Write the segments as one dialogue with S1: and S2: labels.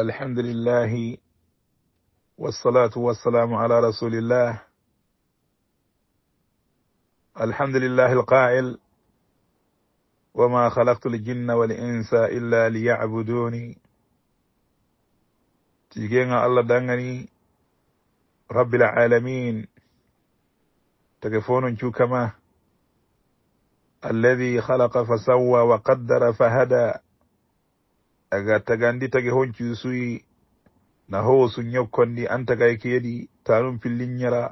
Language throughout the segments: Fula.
S1: الحمد لله والصلاة والسلام على رسول الله الحمد لله القائل وما خلقت الجن والإنس إلا ليعبدوني تجينا الله دعني رب العالمين تكفون كما الذي خلق فسوى وقدر فهدى aga tagandi tagi honcu suyi na howo su ñokkondi an tagay keedi tanum pillinñara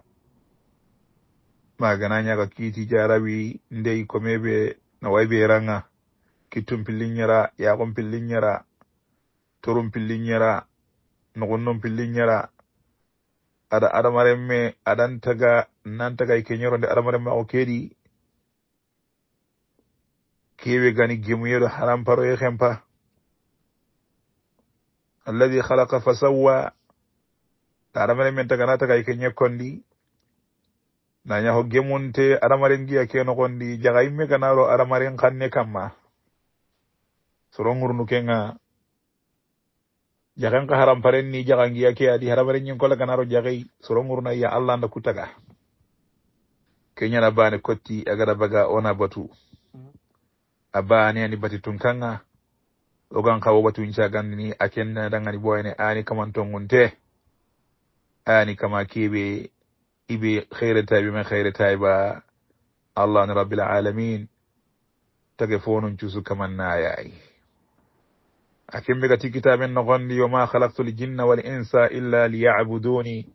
S1: maganañaga kiiti jarawi ndeyi komeɓe no wayɓe ranga kittum pillinñara yaqum pillinñara torum pillinñara nogonnum pillinñara aɗa adamarenme aɗantaga nantagay keñorode adamarenme ako keeɗi keewe gani gemuyeɗo haramparoye hempa alladi halaka fasawa ta aramare min taga na taga ike ñekkondi na ñaho gemunte aramaren giya ke nogondi jaga imme ganaro aramaren kanne kamma soro ŋurnukenga
S2: jagen ka haramparen
S1: ni jaga giya ke adi haramaren ñinkola ganaro jagei soro ŋuruna ya allah nda kutaga keñana bane kotti agada baga ona batu mm-hmm. abaneani bati tunkanga ogan ka wobatu ca gandini a kendana dangani boyene ani kaman tongunte ani kama keɓe iɓe heyretaɓe men heyretaɓa allahni rabilalamin tage fonum cuusu kaman nayayi a kembe ga tikkitaɓen nogondi yo ma halaktu l jinna wal insa illa liyabuduni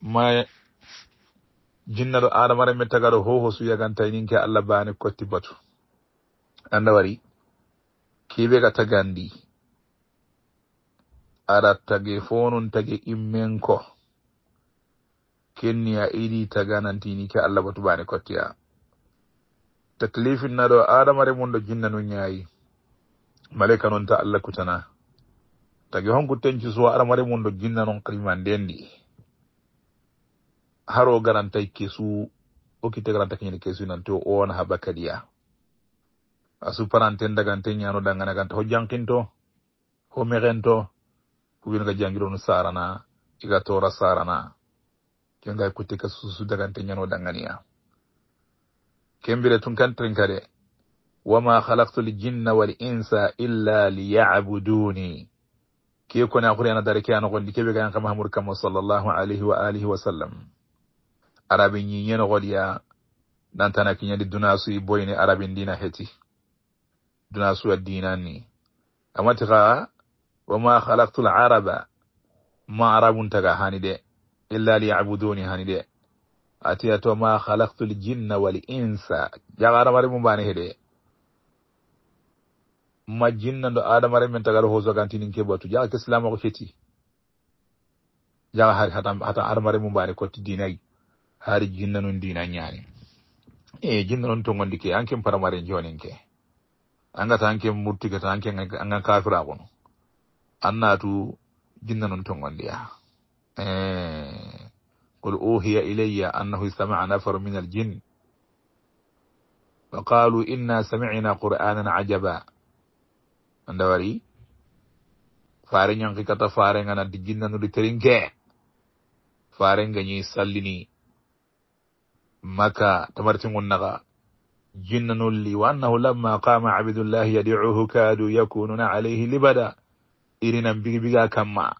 S1: ma jinna ɗo adamara me tagaɗo hoho suyagantayninke allah bani kotti batu andawari kebe ga ta gandi ara tage fonun tage immen ko kenni a iri ta ganantini ke allah batu bani kotiya taklifin na do adamare mun do jinna nun yayi malaika non ta allah kutana tage hon kutten ci so adamare mun do jinna non qiman dendi haro garantai ke su o kitagaranta kenyi ke su nan to o wana habakadiya a suparanten dagante ñano danganaganta ho jankinto ho mirento kuwinga jangirono sarana iga tora sarana kenga kuti ka susu dagante ñano danganiya kembire tun kantrin kade wama halaktu ljinna wal insa illa liyabuduni ke kone a kuriana dare ke anogondi kebe gayan kama hamur kama salllahu alayhi wa alihi wasallam arabi ñiñenogol ya nantana kiñandi dunasu i boyini arabindina heti dunaa suwa diinan ni amati kaa wamaa halaktu alcaraba ma arabun taga hani de illa liyacbuduni hani de atiyat wamaa halaktu aljinna waalinsa jaga adamare mum baani hede ma jinna ndo adamare men tagaɗo hosogantinin kebatu jaga kislama ko feti jaga hatan adamare mum baani kotti diinayi haari jinna nun diinan ñaani e eh, jinna non to gondi ke anke paramare jonin ke anga tanke murtiga tanke anga kafira kono annatu jinna non ton gondi ya قل أوهي إلي أنه استمع نفر من الجن وقالوا إنا سمعنا قرآنا عجبا أندوري فارن ينقي كتا فارن أنا دي جنة نولي ترنك فارن ينقي سلني مكا تمرتن النغا jinnanulli wa annahu lamma qama abidullahi yadicuhu kaadu yakununa alayhi libada irinan bigibiga kamma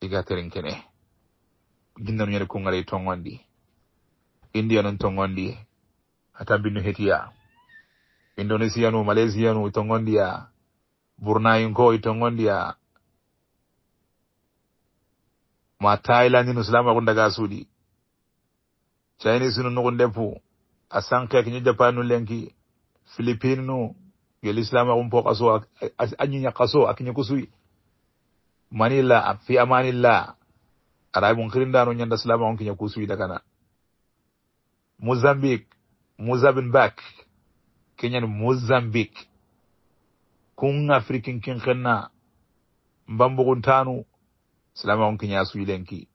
S1: igaterin kene jinnanu yani kungaray tongondi indiyanun tongondi hatambinnu hetiya indonesiyanu malaysiyanu itongondiya burnayinko itongondiya ma tailandinu silamagun dagasudi chinesinu nugun deppu a sanke ke nyida panu lenki filipino no yel islam akum po kaso anyu nya kaso akinya kusui manila fi amanilla arabu nkirinda no nyanda islam akum kinya kusui da kana mozambique Mozambique back Kenya ni mozambique kun afrikin kin kanna mbambugun tanu islam akum kinya sui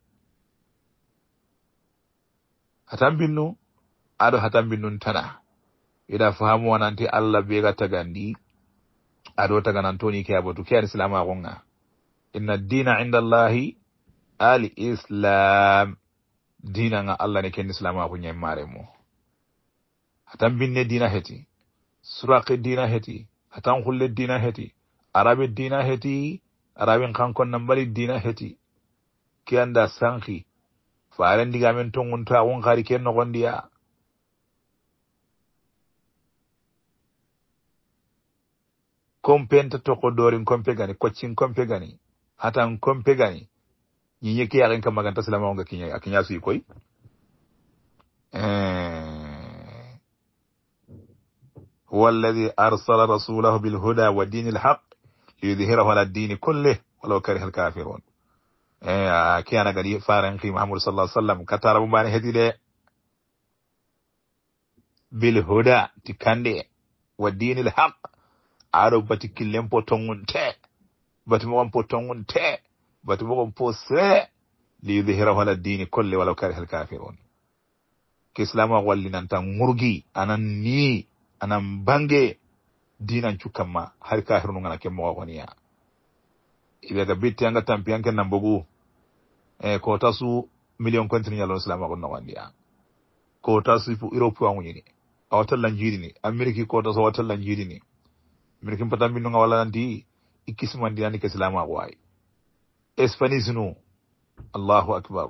S1: Atambinu aɗo hatambi nun tana ida fo hamu wananti allah bega tagandi aɗo taganan toni keyabatu ke anislamagonga inna dina inda llahi al islam dina nga allah ne kendi islamaku ñen mare mo hatan binne dina heti suraki dina heti hatan hulle dina heti arabe dina heti arabin kankon nambali dina heti ke anda sanki faren digamen tongun to agun kari ken nogondiya kompenta tokodorin kompe gani kocin kompe gani hatan kompe gani ñiñi ke yaxin ka maganta silamaxonga a kiña suyi koy huwa eh. alladi arsala rasulahu bilhuda wa dini lhaq liyudhirahu ala dini kulle walaw kariha alkafirun ke eh, ana gadi faren ki mahamadu sal lah sallam katara bumbani hedi de bilhuda ti kande wa dini lhaq aro bati killen po tongun te bati mogon po tongun te bati mogon po li liyudhirahu wala dini kolle walaw karihal kafirun ke islama wallinanta ngurgi anan ni anan bange dinan cukkanma har kafirun ngana ke mogo goniya ibega bitti anga tampi anke nambogu e eh, ko tasu million nyalo ñalon wa gon nogondiya ko tasu fu europe wanguñini a watalla jiidini amérique ko tasu a watalla jiidini mbiɗa kimpatan mbinnonga walla nanti ikkismandinani ka silamako wawi espanise nu allahu acbar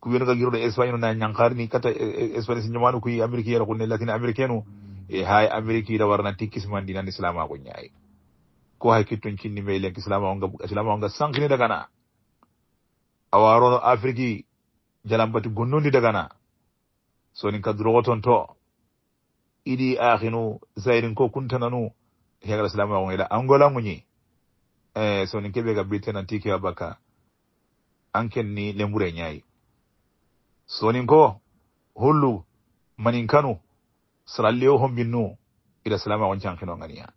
S1: ko wiyanuka giroɗo espagne no na ñankarni katta espanise ñamanu koyi amérique yeta kone lakine américain nu e hay amérique yiɗa wara nanti ikkismandinani silamako ñaayi ko hay kitton cinni mey len silamaoslamao nga sankini dagana awarono afrique jalambati gonnondi dagana sonin ka drogo ton to iɗi aahinu zairin ko kuntananu hekala salamu yaŋoyla angola mwenye eh, so ni keɓe ga na tiki wa baka anke ni lembure ñayi so ni nko hulu maninkanu saralli hombinu ila ila salama on cankino ganiya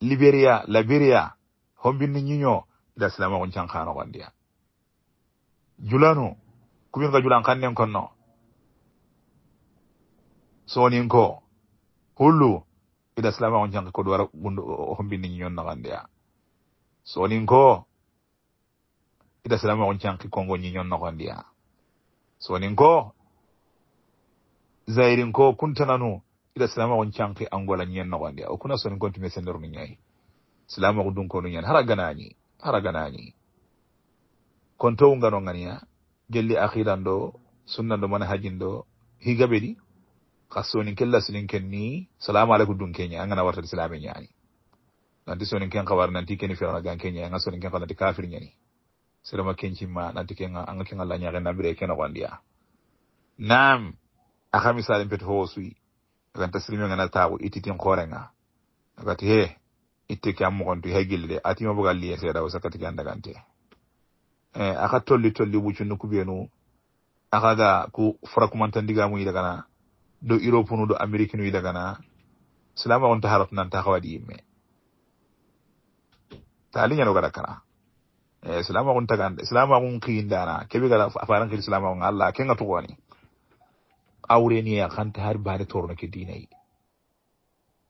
S1: liberia liberia hombinu nyinyo ila salama on cankano gondiya julanu kumin ka julan kannen konno sonin ko hollu ida silamaku jangi ko ɗu wara gundo hombini ñiñonnoxandeya soonin ko ida silamaku jangki kongo ñiñonnoxondiya soonin ko zairin ko kuntananu ida silamaku jangki angola ñiñonnoxondiya o kuna soonin kon tume senderunu ñayi silamaku dunkonu ñani hara ganañi hara ganañi kon towu ngano ngania gelli akiran ɗo sunnan ɗo mana hajin ɗo higa ɓeɗi kasonin kella sinin ken ni salamu alaikum dun kenya an gana warta islami nyani nanti sonin ken khabar nanti ken fi ga kenya an sonin ken khabar kafir nyani sira ma kenchi ma nanti ken an ken Allah nyare na bire ken gondiya nam a kha misal en pet ho suwi kan taslimi ngana tawo ititin khore nga gati he itte kam mo gondu he gilde ati mo bugal liye seda o sakati ganda gante eh a kha tolli tolli bu chunu kubenu a kha ga ku fura kumantandiga mu yidagana do europe nu do amerique nu dagana silama on ta harap nan ta kawadi yimme tali nyano gara kana e eh, silama on ta ganda silama on kiyindana kebe gara afaran kiri silama on allah kenga to wani aure ni ya kan ta har bare torno ke dinai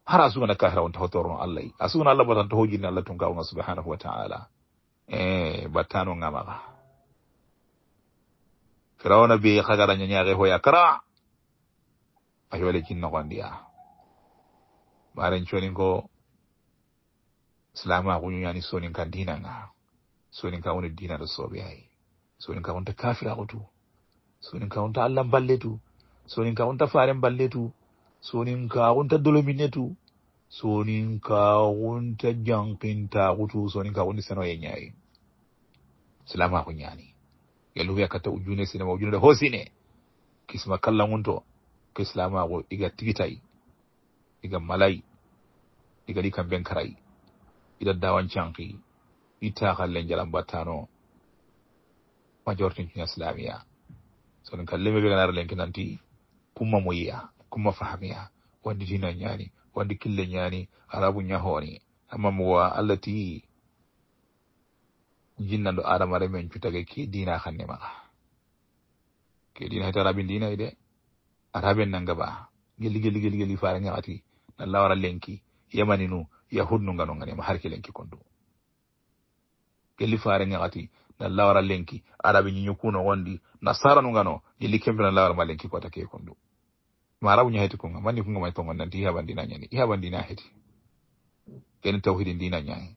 S1: har asu na kahra on ta torno allah asu na allah batan to hojin allah tun ga on subhanahu wa ta'ala eh batano ngamaga firawna bi khagara nyanya ge hoya kara a yolekin nogondiya baren conin ko silama kuñuyani sonin kan dinanga sonin kan woni dina ɗo sooɓe ay sonin kan wonta kafira kutu tu sonin kan wonta allah balle tu sonin kan wonta faren balle tu sonin ka wonta dolomine tu sonin ka wonta jankinta kutu sonin ka wonti seno yeñayi silama kuñani yalluɓe katta ujune sinema ujune da hosine kisma kalla ngunto ko islamago iga tigitayi iga malayi igadi kam benkarayi ida dawancanki itakalle jalam battano majortincina islamiya soɗon kalleme ɓeganara lenki nanti kumma moyiya kumma fahamiya wandi dina ñani wandi kille ñani arabu ñahoni amma mowa allah ti jinnanɗo adama remen cutage ke dina kannemaa ke dina hayta rabin dina ide ata ɓen nangaba gelli gelli gelli gelli fara ñamati nalla wara lenki yamani nu yahud nu ngano ngane ma harki lenki kondu gelli fara ñamati nalla wara lenki araɓe ñiñu kuno gondi nasara nu ngano gelli kemɓe nalla wara ma lenki kota ke kondu ma rabu ñaheti konga manni kunga mai tongo nanti ihaɓan ndina ñani ihaɓan ndina heti kene tawhide ndina ñayi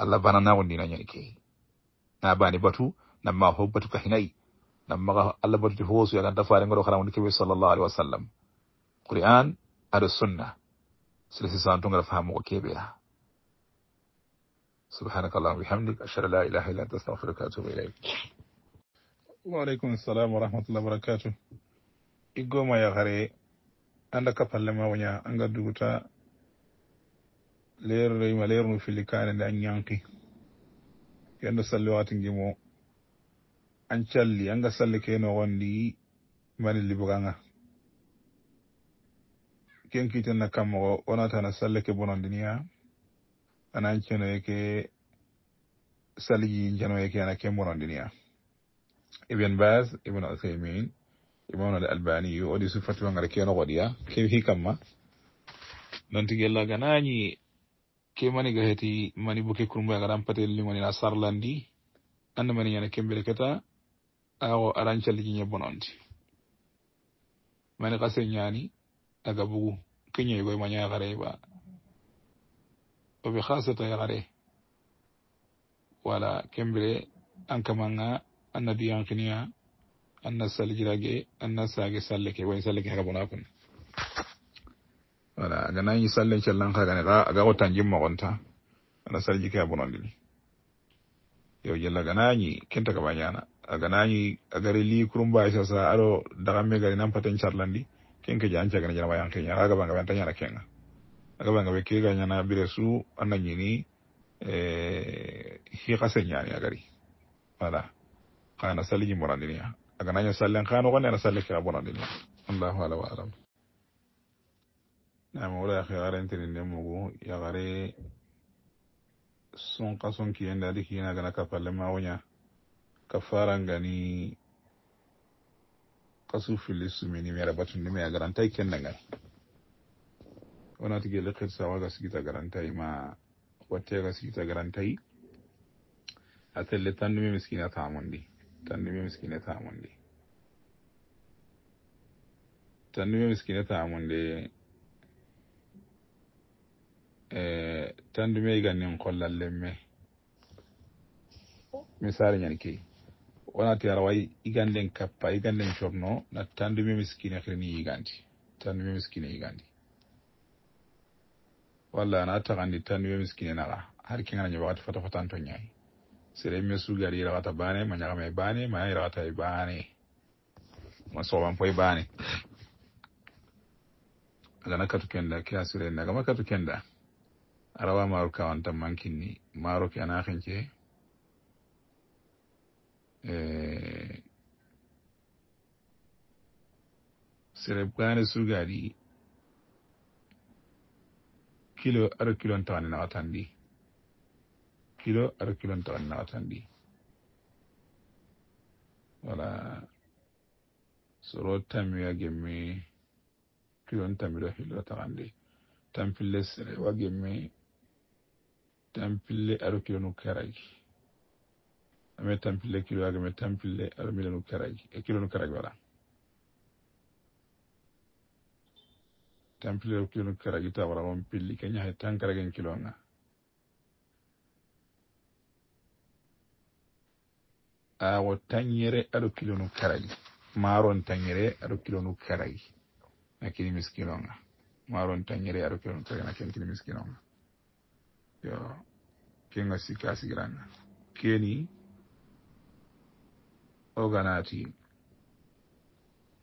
S1: allah bananago ndina ñani keyi na bani batu namma ho batu kahinayi nammaga allah bonti hoosu yo ganta faare ngoro haramoni keɓe sallllahu alih wa sallam qur'an aɗa sunna sila sisanto ngara fahamuko keɓeya subhanaka allahuma bihamdik ashhadu an la ilaha illa anta astahfiruka atubu ilayk waaleykum salam warahmatullah wabarakatu iggoma yahare anda kapalle ma woña anga duguta leeroyima leernu fili kane nde a ñanki yendo salli waati ngimo an calli an ga salle keno wondi mani libranga ken kiten na kam mogo wona tana salle ke bonondi niya ana an ceno yeke salle ji njano yeke ana ken bonondi niya ibn bas ibn uthaymin imamno al albaniy odi sufatuwangara keno godiya ke hi kamma non tigella ganañi ke mani ga heti mani boke kurumbaya gadan patelli ngoni na sarlandi anda mani ñana kembele keta awo aran calli ñiñe bononti mani kase ñaani aga bugu kiñoy goy mañaa xarey ba obi xaasata xare wala kembire ankamanga anna diyanqinia anna salijirage anna saage salleke woy salleke aga bona kun wala aga nañi sallen callanxagani xa aga xo tan jimmoxonta ana salijike a bonondini yow jellaganañi kentakaba ñana aganañi agari li kurumbay sasa aro dagamme gari nampaten carlandi kenke je ancagana jana wayankeña agaba nga wentañana kenga agaba nga wekke gañana bire su anañini eh, hiqa señani agari voilà xana salliji morandinia aganaña sallen xa noxo nena salle kexa bonandinia allahu ala wa alam nama wola yaxe xarentini nde mugu yaxare sunqa sunkiyende adi kiina gana kapalle ma woña kafaran gani kasu filisu mini mai rabatun ne mai garanta ken nan gani wana tige lakar sawa ga sigita garanta yi ma wata ga sigita garanta yi a tsalle talle tandume miskina ta amundi tandume miskina ta amundi tandume miskina ta amundi tandume ganin kwallon lemme misali yankin wonati ara way iganden kappa iganden corno na tandu tandume miskine hirini yigandi tandume miskine yigandi walla ana tagandi tandume miskine naga har kenganaño wakati fata fata anto nyai sere me sugi aɗa yirakata bane ma ñagama e bane ma yirakata e bane ma soban fo e bane na katu kenda ke a sirende agama katu kenda arawa maruka wanta mankini maaro ke ana Eh, serebgani sugadi kilo aɗo kilon tawani watan di kilo aɗo kilon tawani watan di wala soro tami ya tamiya gemmi kilon tamiɗo hillo tagandi tampille sere wa gemmi tampille aɗo kilonu karagi ame tampille kilo age ame tampille ala milanu karagi e kilonu karagi wala tampille kilonu karagi ta wara mon pilli ke ñahe tan karagen kilo nga awo tanñere aɗo kilonu karagi maron tanñere aɗo kilonu karagi na kini miskino nga maron tanñere aɗo kilonu karagi na ken kini miskino nga yo kenga sikka sigiranga keni oganati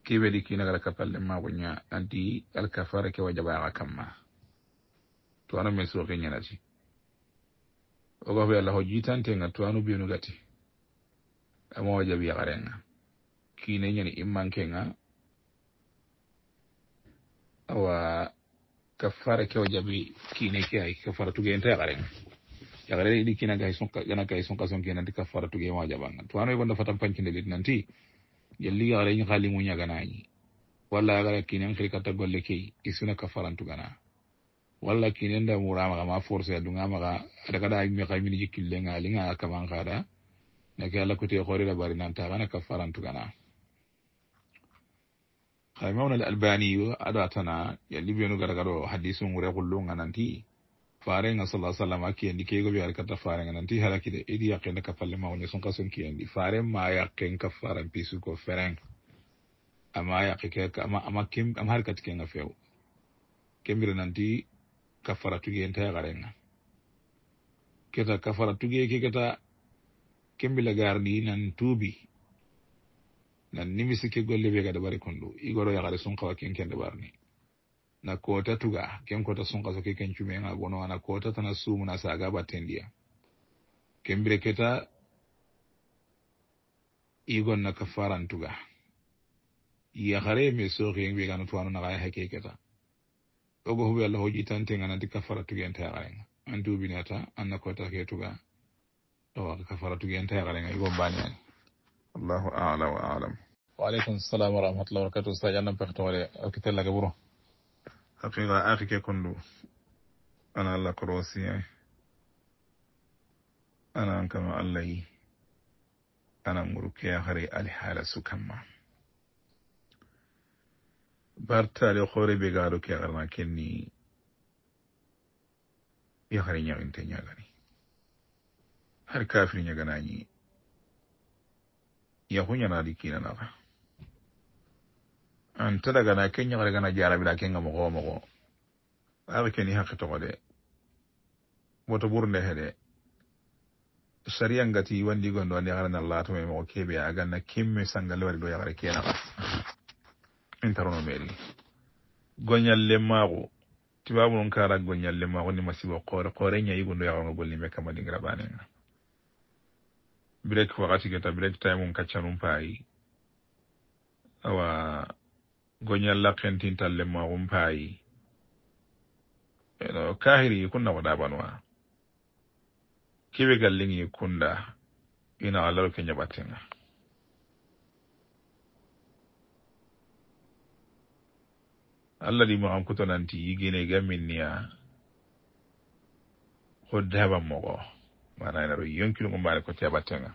S1: kiwedi kinagala kapalle maɓoña anti alkafara kewa jaɓaxa kamma toano me soke ñanati oga fo yalla ho jitantenga toano benu gati amawa jaɓiyaxarenga kine ñani immankenga awa kafara kewa jaɓi kine ke ay kafara tugentaxarenga yakare ɗi kina gay sonka gana gay sonka son kina ndika fara to gay e waja banga to anoy bonda fatam panchi ndelit nanti yalli yakare ni khali mu nyaga nayi walla yakare kina ngi kata golle kee isuna ka faran to gana walla kina nda mu rama ga ma force ya dunga ma ga daga da mi kay mi jikki le ngali nga ka man khada na ke ala kuti e khori da bari nan ta gana ka faran to gana khaymauna al albani adatana yalli biyo no gara gara hadisun wure kullu nga nanti farenga sallah sallam a kiyandi keigo ɓe arkata farenga nanti halakide idi yakkende ka falle mawne son ka son kiyandi faren ma yakken ka faran pisu ko feren ama yakke kama harkati kenga few kembira nanti ka fara tuge en tayakarenga keta ka fara tuge ke keta kembila garndi nan tuubi nan nimisi ke golle ɓe gada ɓari kondu igoro yakare son kawa ken kende ɓarni na kota tuga ken kota sunka so keken cume nga gono ana kota tana sumu na saga batten diya kembire keta igon na kafaran tuga iya kare me so ke ngi ga no tuano na ga ha ke keta to go hubi allah hoji tante nga na di kafara tuga en tayara nga an dubi na ta an na kota ke tuga to wa kafara tuga en tayara nga igon bani allah a'la wa a'lam wa alaikum assalam wa rahmatullahi wa barakatuh sa janna pertole o kitel la gaburo haqiqa aki ke kondu ana allah korosi ai ana an kama allah yi ana muru ke hare alihala su kamma barta ali hore be gado ke arna kenni ya hare nya inte nya gani har kafir nya gana ni ya hunya na dikina na ba anta dagana ke ñagaragana jarabila kenga mogo mogo axe keni haqi toxo de woto ɓurde he de saria ngati wandigondo andi xarana latume moxo keɓe a ganna kimme sangalle wari do yaxare kena xas min tarono meri goñalle tibabu nun kara goñalle maaxu ni masibo qoore qoore ñayigondo yaxarono gollime kama dingirabanenga break wakati geta break time un kaccanum awa goñalla kentintalle maxum paayi eno kahiri yi kunna waɗabanwa kibe gallin yi kunda ina alarke ñaɓatinga allah ɗi maxan kutonanti yigine gamminniya hoddaban moxo mana inaɗo yonkilungumbane ko teɓatenga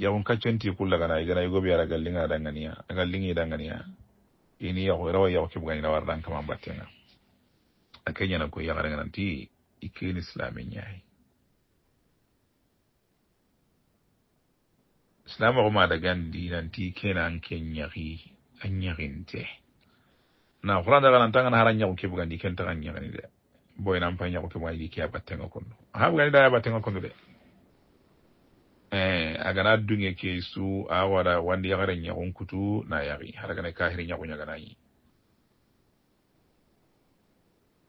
S1: yaxun kaccon ti kullagana igana yigobe ara gallinga danganiya agallingi danganiya ini yaxu rawa yaxu ke bugañina waradan kaman battenga a ke ñana koy yaxarenga nanti i keen islame ñaay islam axu maada gandi nanti kenan ke ñaxi a ñaxinte na xuran daxa nanta ngana xara ñaxu ke bugandi ken taxa ñaxini de boynampa ñaxu ke bugandi di ke a battenga kondu axa bugandi daya battenga kondu de a gana dunge ke su a wara wanda ya gara nyakun kutu na yaki har gana kahiri nyakun ya gana yi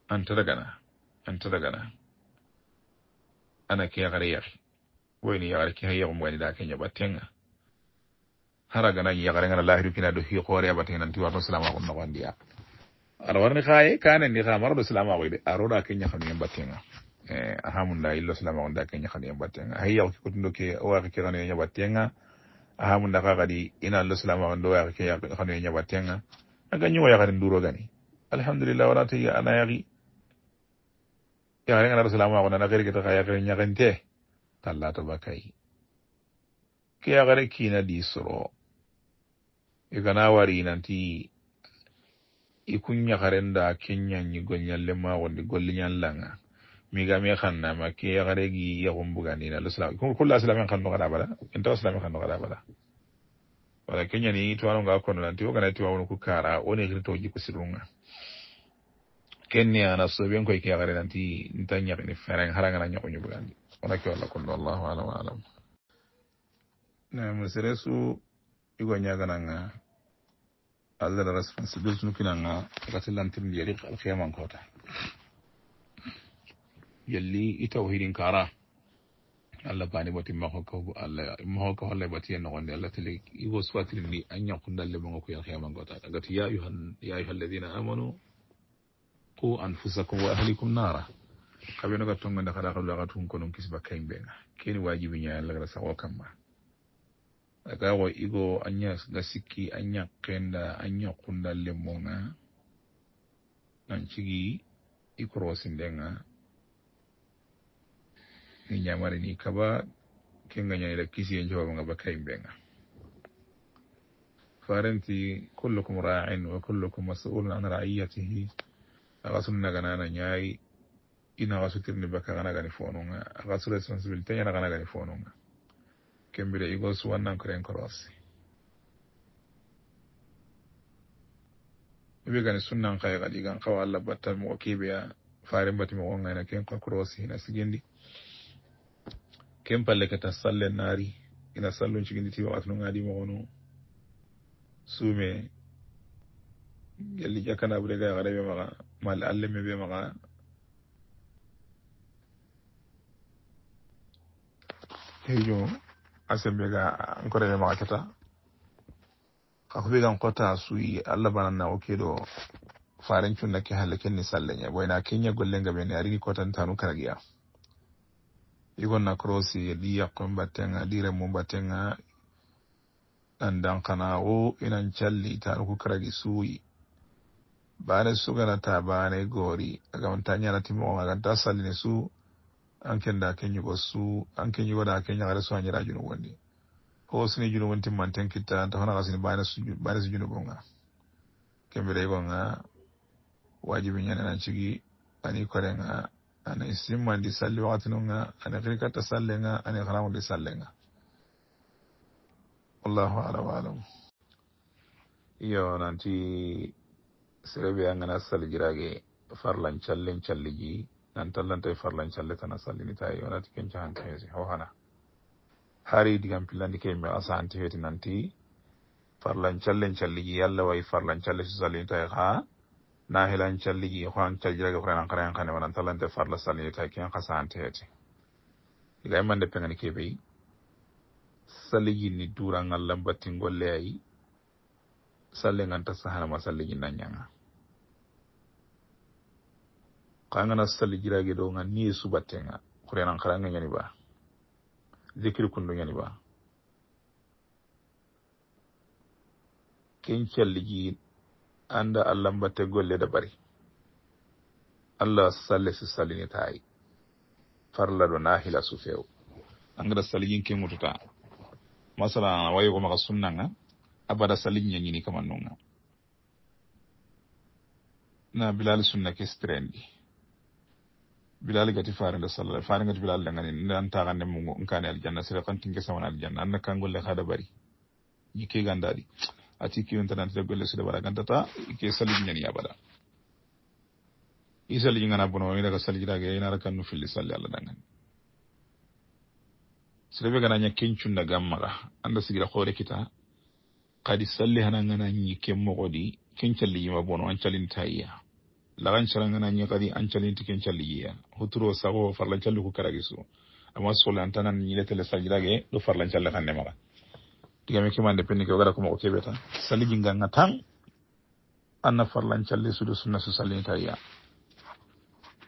S1: an gana an gana ana ke gara yaki wani ya ke hayyar mu wani da kan ya batenga har gana ya gara ngana lahiru kina do hi qore ya batenga nanti wato salama kun na wandiya arwar ni khaye kana ni do salama ko de aroda kan ya khanu E, alhamdulillah illo salama on dake ñahani e mbattenga hay yaw ke kotundo ke owaki ke hano e ñabattenga alhamdulillah ka kadi ina allo salama on do waki ke hano e ñabattenga a gañiwo yakadi nduro gani alhamdulillah wona tawi ana yaki yakadi ganaro salama ko nana kerkete ka yakere ñakente talla to bakayi ke yakare kiina di soro e gana wari nanti i e kun ñakarenda kenñanñi e goñallema wonde golliñallanga migami xannama ke yaxaregi yaxum bugandina lkulla slamen xan noxada bala intaa slamen xan noxada bala wala keñani tuwanonga konnolanti wogana tiwa wonu ku kara woni xiri to jiku sirunga kenni ana soɓen koy ke yaxarenanti nta ñaxini feren harangana ñaxuñu bugandi wona ke walla kunno allahu alam alam seresu igo ñagananga allah da responsibilité nukinanga gatilantirndi yeri xemankota yalli ita o kara allah bani bati mahoko allah mahoko holla bati en nogonde allah tali ni suwatirindi a ñankundalle bongo ko yal hemangotaɗa gati ya yuhan ya ayuha alladina amanu qu anfusakum wa ahlikum nara kabe no ga tongode kada kala ka tun konon kisba kayimɓega keni wajibi ñayallagata sago kamma agawo igo a ña ga sikki a ñakkenda a ñakkunda lemmonga nan cigi i korosindenga ni ñamare ni kaba kengañoni la kisi en jooba nga ba kay mbenga farenti kullukum raain wa kullukum masulun an raiyatihi aga sunnaganana ñaayi ina aga sutirni bakka ganagani foonunga aga su responsibilité ñana ganagani foonunga kembire igo suwannankoren korosi ɓe gani sunnan kaye kadi gan kawa allah batta mogo keɓeya faren batimogonga ina ken kakorosi hina sigindi ken palle kata sallen naari ina sallon ciginditi wakati no ŋaadi mogono suume gelli ƴakkana bude ga yakare ɓe maxa mal alleme ɓe maxa heño a ga encore ɓe maxa keta xa xuɓe gan suyi allah bananna o keɗo faren ke halle ken ni salleña boyna keña gollenga ɓene a rigi kotantanu karagiya igonna krosi e ɗi yakkoɓe mbattenga ɗi remmo mbattenga ɗan dankana o inan calli taɗo ko kragi suuyi bane suganata bane goori agam ta ñanatimoon agam ta salline suu an kenda keñugo suu an keñugoɗa keñagare su añira junugondi o sini junugon timman ten kitta ta hona asini bane su junugonga kembire yigonga wajibi ñanenan cigi ani korenga ana simmandi salli watinoga ana xini katta sallenga ani xaramudi sallenga wallahu ala walam iyo nanti serebe angana salligirage farlan callen calligi nantallantay e farlan calle tana sallinita yonati kenca hankeesi howhana hari digan pillandi ke me asahanti heti nanti farlan callen calligi yallawayi farlan calle su sallinitay xaa nahilan calligi hon calliraga foranan karayankane wonan tallante farla sallinita ken kasantete ilay mande pegani kebeyi salliginni duran allah battingolle ayi salliganta sahanama salligi nanyanga kangana salligirage ɗo ga niye subattenga horenan karanga yani ba zikiri kundu yani ba ken calligi annda allah mbatte golle dabari allah salle si salinitaayi farla ɗo naa hila su few angada saliñinke mututa masala ana wayi ko maka sunnanga abada saliñañini kaman nunga na bilali sunna ke strendi bilali gati farinde sallah farigati bilali dengani antaxande mugo nkane aljanna sere kantinke samana aljanna anna kangolle xa dabari ñikkeganndaɗi ati kiwentanante to golle sida wara gantata ke salliji ñani yaɓaɗa i salliji gana bono inaka salliiɗaga inara kan no filli salli allah dagan sida ɓe gana ña kencunda gammaga anda sigira hoore kita kadi salli hana gana ñi kenmogoɗi kencalliyima bono an callinta yiya lagan cala gana ñi kadi an callinti kencalliyiya hutturo sago farlancalli ku karagisu amma solli antanan ñiletele salliiɗage ɗo farlancalli kannemaga digame ke mande penne ke ogara ko mako keɓe tan saliji nganga anna farlan calle suudu sunna so sallinita yiya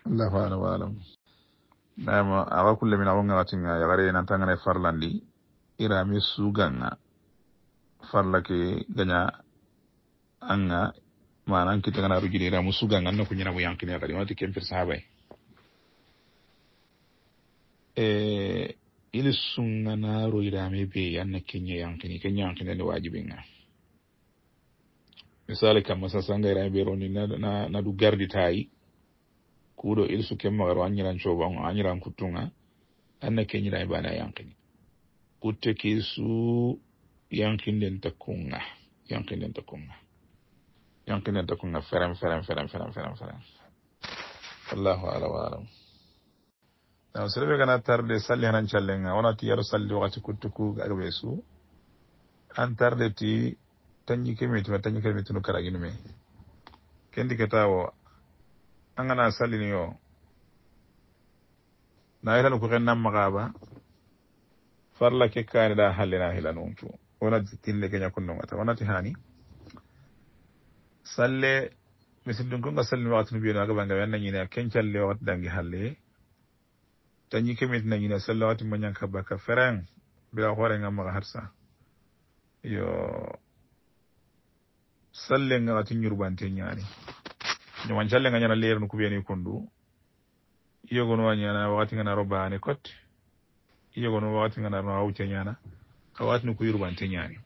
S1: allahu alam wa alam nama awa kulle min awonga watinga yagare nantangana farlandi irami suganga farla ke gaña anga mana an kitagana rujini iramu suganga anna ko ñanamo yankine kadi wonati kempir sahabay e ili sunga naro irame be anna kenya yankini kenya yankini ani wajibi nga misali kamma sa sanga irame be roni nadu gardi tayi kuɗo ilsu kemmagaro anñiran coba o añiran kuttunga anna kenñirame bana yankini kutte kisu yankinden takkunga yankinden takkunga yankinden takkunga ferem ferem ferem ferem ferem ferem allahu ala wa alam donc so ɗoɓe gana tarde salli hanan callenga wonati yaro salli wakati kuttuku agaɓe su an tarde ti tañi kemitima tañi kemitunu karaginume kendi ketawo angana sallini yo na hilanu ko ken nammakaɓa farla kekkani ɗa hallena hilanuncu wonati tinle keñakunnogata wonati hani salle misil ɗum konga sallini wakati no mbiyenu agaɓa gaɓe annañina ken calle wakati dangi halle tañi kemitinañina sallawati mañanka bakka ferang bila horenga maga harsa yo sallenga ati ñurbante ñaani ñoman callenga ñana leerno kubeeni kondu yogono ñana wakati ngana robaane kotte yogono wakati nganarno awce ñana ka watini ko yurbante ñaani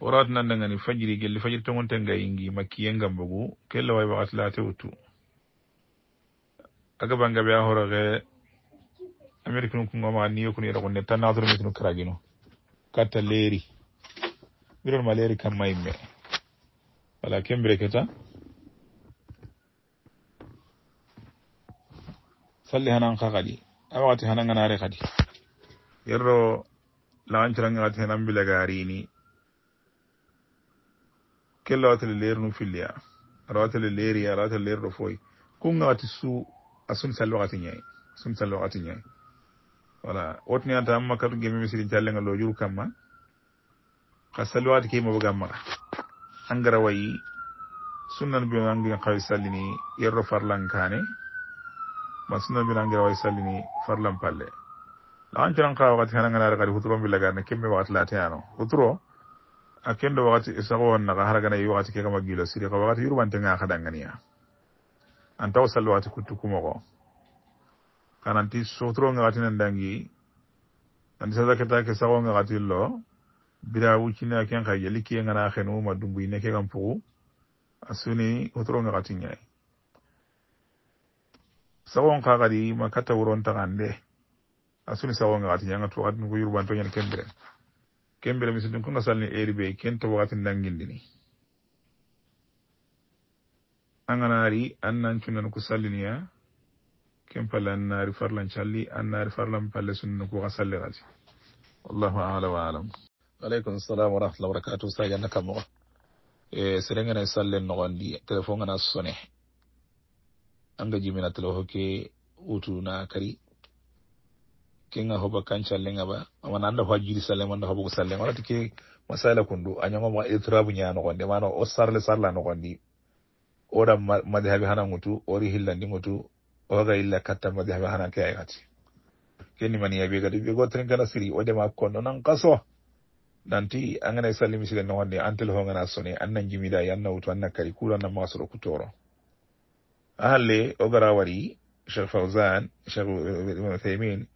S1: woratinandangani fajiri gelli fajiri tongonte ngayingi makkiyengambagu kella way wakati laa tewottu agabangabe a horoge amerique nun kungoma niyokunu yerakunne ta natoromitunu kraginu katta leri birol ma leri kam mayimme wala kembire keta salli hanan ka kadi awagati hananganare kadi yerro lagancirangagati henan bilagarini kella watale lernu filliya arawatale leriya arawatale lerro foy kungagati suu asunta lugati ñayi asunta lugati ñayi voilà wotniyanta amma kadu gemi misiri jallenga lo juru kamma ka salluwati kei mobo gammara angara wayi sunnan bino angin kawi sallini yerro farlan kane ma sunnan bino angira wayi sallini farlan palle la ancoran ka wakati hana ngana arakadi huturo mbila garna kembe wakati la teano huturo a kendo wakati isako wanna ka haragana yi wakati kekama gilo siri ka wakati yuru bante nga akadangani ya an taw salluwaati kuttu kumoko kananti sotoro ngakatinan dangi nanti sadakatake sago ngakatin lo bira wuccinea ken xa jali kiye ngana xenu ma dumbu yine ke kan puxu a suni otoro ngakatin ñai sagon xa xadi ma katta worontaxan de a suni sago ngakatin anga tuwaxatin ko yurbanto ñani kembire kembire misidun kunga salni eri be ken to waxatin dangindini aganari annancunan ku sallinia kempalle annari farlancalli annari farlan palle sunnan ku ka salliraji wallahu ala wa alam waleykum salam warahmatullah wabarakatu sajanna kamoxo e serengene sallen noxondi téléphone gana sone anga jimina téléfo ke utu na kari ke ga hoba kancallengaba amana anda fa jiri salleng anda hobogo salleng wanati ke masala kundu a ñagomaxa étrabe ñanoxondi mana o sarle sarla noxondi oɗa madhabi hana ŋutu ori hillandi ŋutu oga illa katta madhabi hana ke ay gati keni maniya be gadi be gotirin kana siri o dema kondo nan kaso nanti an gana salli misile wande an telefon gana sone an jimida yan wutu an kari kula na masoro kutoro ahalle ogara wari shekh fawzan shekh eh, ibn thaymin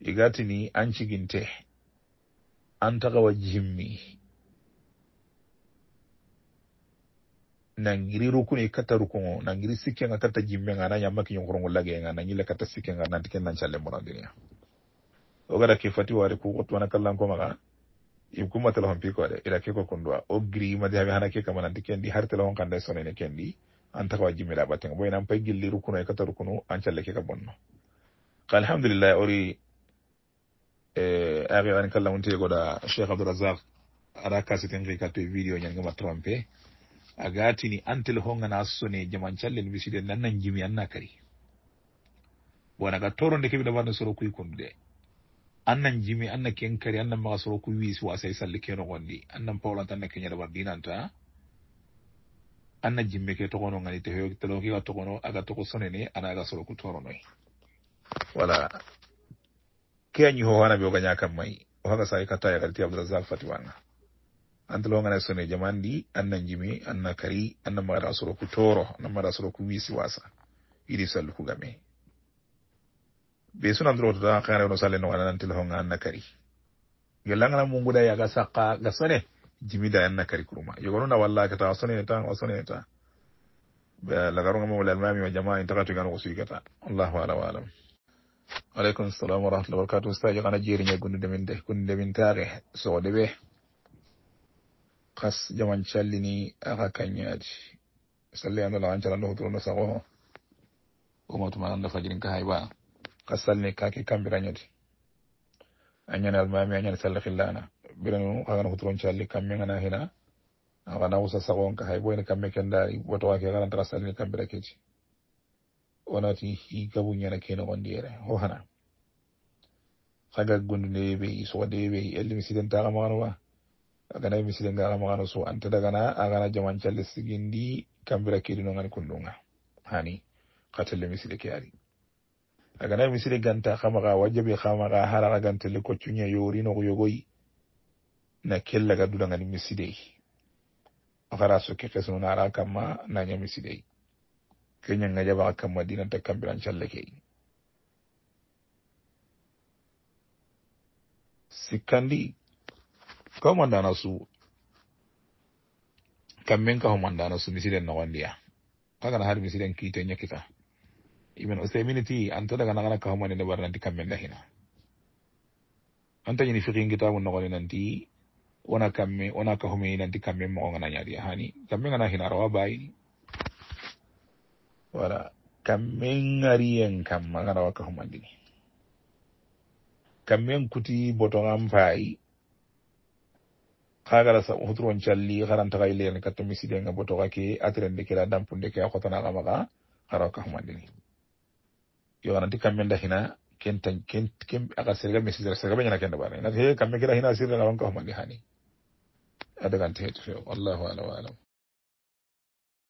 S1: igatini an ciginte an tagawa jimmi nangiri rukuni kata rukungo nangiri sike nga kata jimbe nga na nyamma ki nyongkorongo lage nga nangile kata sike nga nantike nanchale dunia ogara kifati wari kukutu wana kala nko maka ibkuma telefon piko de ila keko kundua o giri di de hana ke kama nanti kendi har telefon kanda sone ne kendi antaka ko jimme la batenga boy nan pay gilli rukuno kata rukuno anchale keka ka bonno alhamdulillah ori eh agi wani kala munti unte goda sheikh abdurrazzaq ara kasi tenge kato to video nyangima ma trompe a gatini antel hogana assone jaman callel miside nannan jimi anna kari bon aga toro nde keɓi ɗavanno soro kuy konduɗe annan jimi anna ken kari annan maga soro ku wis wasay salle keno gondi annan pawlant anna keña ɗavar dinanta anna jimme ke togono gani te hewo talo kega togono aga togo sonene ana aga soro ku toronoy voilà ke añi hohanaɓe oga ñakam mayi o haga sa ka tayagalti abdourasak fatimanga antalowongana soneje mandi anna jimi anna kari anna mbaɗa soro ku toro anna mbaɗa soro ku wiisi wasa yiɗi sallu kugame ɓe suna ndurotota kare no salle no waɗa nan telefonga anna kari yo langana munguɗa yaga saqa ga sone jimida anna kari kurma yogo nuna wallaketa a soneneta a soneneta lagaruga mo wale almami o jama en taxatu gano ko suykata allahu alam wa alam aleykum salam wa rahmatullah wabarakatu ustaji kana jeeriñe gonndude min de gonndude min taaxe sowo ɗeɓe kas jaman callini aka kanyaji salli an dala wancala ndo hotoro nasako o matu manan da fajirin ka hayba ka salli kake kambira nyati anyana almami anyana salli khillana birenu kagana hotoro nchalli kambi ngana hina awa na usa sako nka hayba ina kambi kenda wato wake gana ntaka salli ni kambira keji ona ti hi gabu nyana kena kondiere ho hana kaga gundu newe iso wa newe elimi sidenta kama wano waa agana misile ngara ma gano so ante daga na agana jaman challe sigindi kambira kiri nongani kundunga hani katele misile kiari agana misile ganta kama ga wajabi kama ga hara ga ganta le kochunya yori no kuyogoi na kella ga dudanga ni misile agara so ke kesu nara kama na nya misile kenya nga jaba kama dina ta kambira challe kei sikandi ka mandana su kammen ka mandana su misiden na wandiya kagana har misiden kiten yakita ibn usaymin ti anta daga nagana ka homo ne an barnanti kammen dahina anta yini fiqin kitabun nagoni nanti ona kamme ona ka homo nanti kammen mo ngana nyari hani kammen ngana hina rawa bayi, wala kammen ngariyen kam magana waka homandini kammen kuti botongan fayi kagara sa huturon calli harantaxa nga boto misidenga atren de atirende dampu de ke khotana xotanaxa maga xara ka ni yo ananti kamme nda hina ken tan ken kem aga serga misisera serga ɓe ken da bare na he kamme kira hina la wanka xumandi hani adagan te hetu feo wallahu ala wa alam